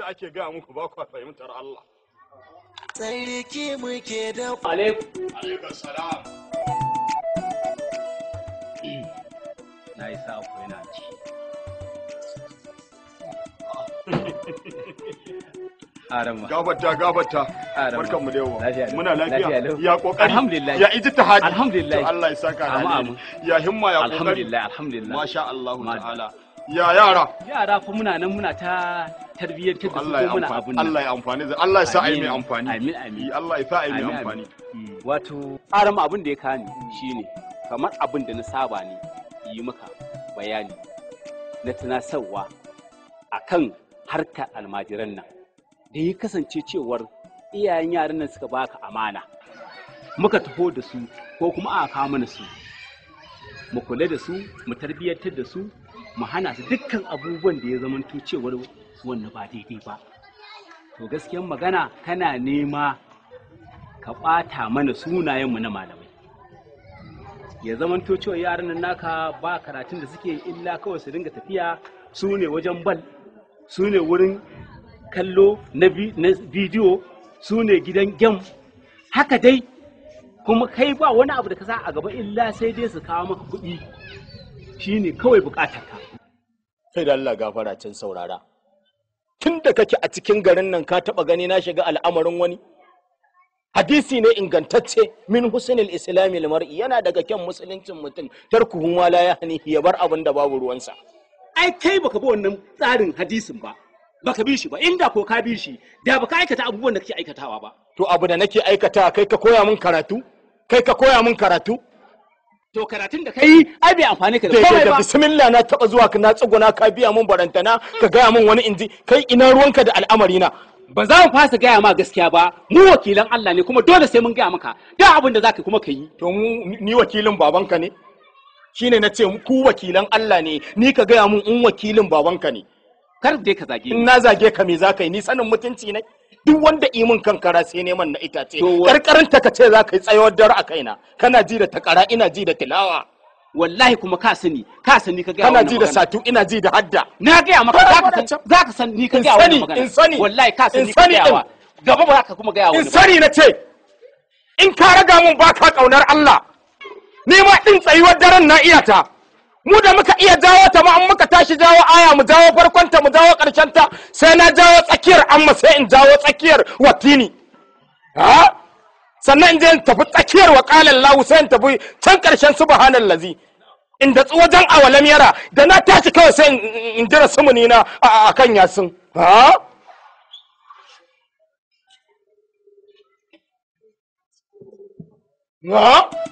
abinda ake gaya muku ba kwa fahimtar Allah. muke da Alaikum salam. Na yi sa ku yana ci. Gabata gabata. Barkan mu dewa. Muna lafiya. Ya kokari. Ya iji Allah ya saka. Ya himma ya kokari. Masha Allah ta'ala. ya yara yara fa muna nan muna ta tarbiyyar ta da su muna abun nan Allah ya amfani zai Allah ya sa ai mai amfani amin amin Allah ya sa ai mai amfani mm. wato aram abin da ya kani shine kamar abin da na saba ne yi maka bayani na tunasarwa akan harkar almajiran nan da ya kasance cewar iyayen yaran nan suka baka amana muka taho da su ko kuma aka mana su mu kula da su mu tarbiyyantar da su mu hana su dukkan abubuwan da ya zamanto cewar wannan ba daidai ba to gaskiyan magana kana nema ka ɓata mana sunayenmu na malamai ya zamanto cewa yaran nan naka ba karatun da suke illa kawai su dinga tafiya su ne wajen bal su ne wurin kallo na bidiyo su ne gidan gem haka dai kuma kai ba wani abu da ka sa a gaba illa sai dai su kawo maka kuɗi shi ne kawai bukatarka kai da Allah gafara can saurara tun da kake a cikin garin nan ka taɓa gani na shiga al'amarin wani hadisi ne ingantacce min husnul islami mar'i yana daga kyan musuluncin mutum tarkuhu ma la yahni ya bar abin da babu ruwansa ai kai baka bi wannan tsarin hadisin ba baka bi shi ba inda ko ka bi shi da baka aikata abubuwan da kake aikatawa ba to abu da nake aikata kai ka koya min karatu kai ka koya min karatu to karatun da kai eh, ai bai amfani ka da komai ba bismillah na taba zuwa ka na tsuguna ka biya mun barantana ka gaya mun wani inji kai ina ruwanka da al'amari na ba za mu fasa gaya ma gaskiya ba mu wakilan Allah ne kuma dole sai mun gaya maka da abin da zaka kuma ka to mu ni wakilin babanka ne shine na ce ku wakilan Allah ne ni ka gaya mun in wakilin babanka ne kar dai ka zage ni na zage ka me zaka yi ni sanin mutunci ne duk wanda imin kankara sai neman na itace karkarin ta ka ce za ka yi tsayawar dare a kaina kana ji da takara ina ji da tilawa wallahi kuma ka sani ka sani ka ga kana ji da satu ina ji da hadda na ga ya maka za ka san ni ka ga wani magana in sani wallahi ka sani ka ga gaba ba ka kuma ga wani in sani na ce in ka raga mun ba ka kaunar Allah ni ma din tsayuwar daren na iyata mu da muka iya jawo ta ma muka tashi jawo aya mu jawo farkon ta mu jawo karshen ta sai na jawo tsakiyar amma sai in jawo tsakiyar watini ha sannan in je in tafi tsakiyar wa qalan lahu sai in tafi can karshen lazi in da wajen awalam yara da na tashi kawai sai in jira sumuni na akan yasin ha ha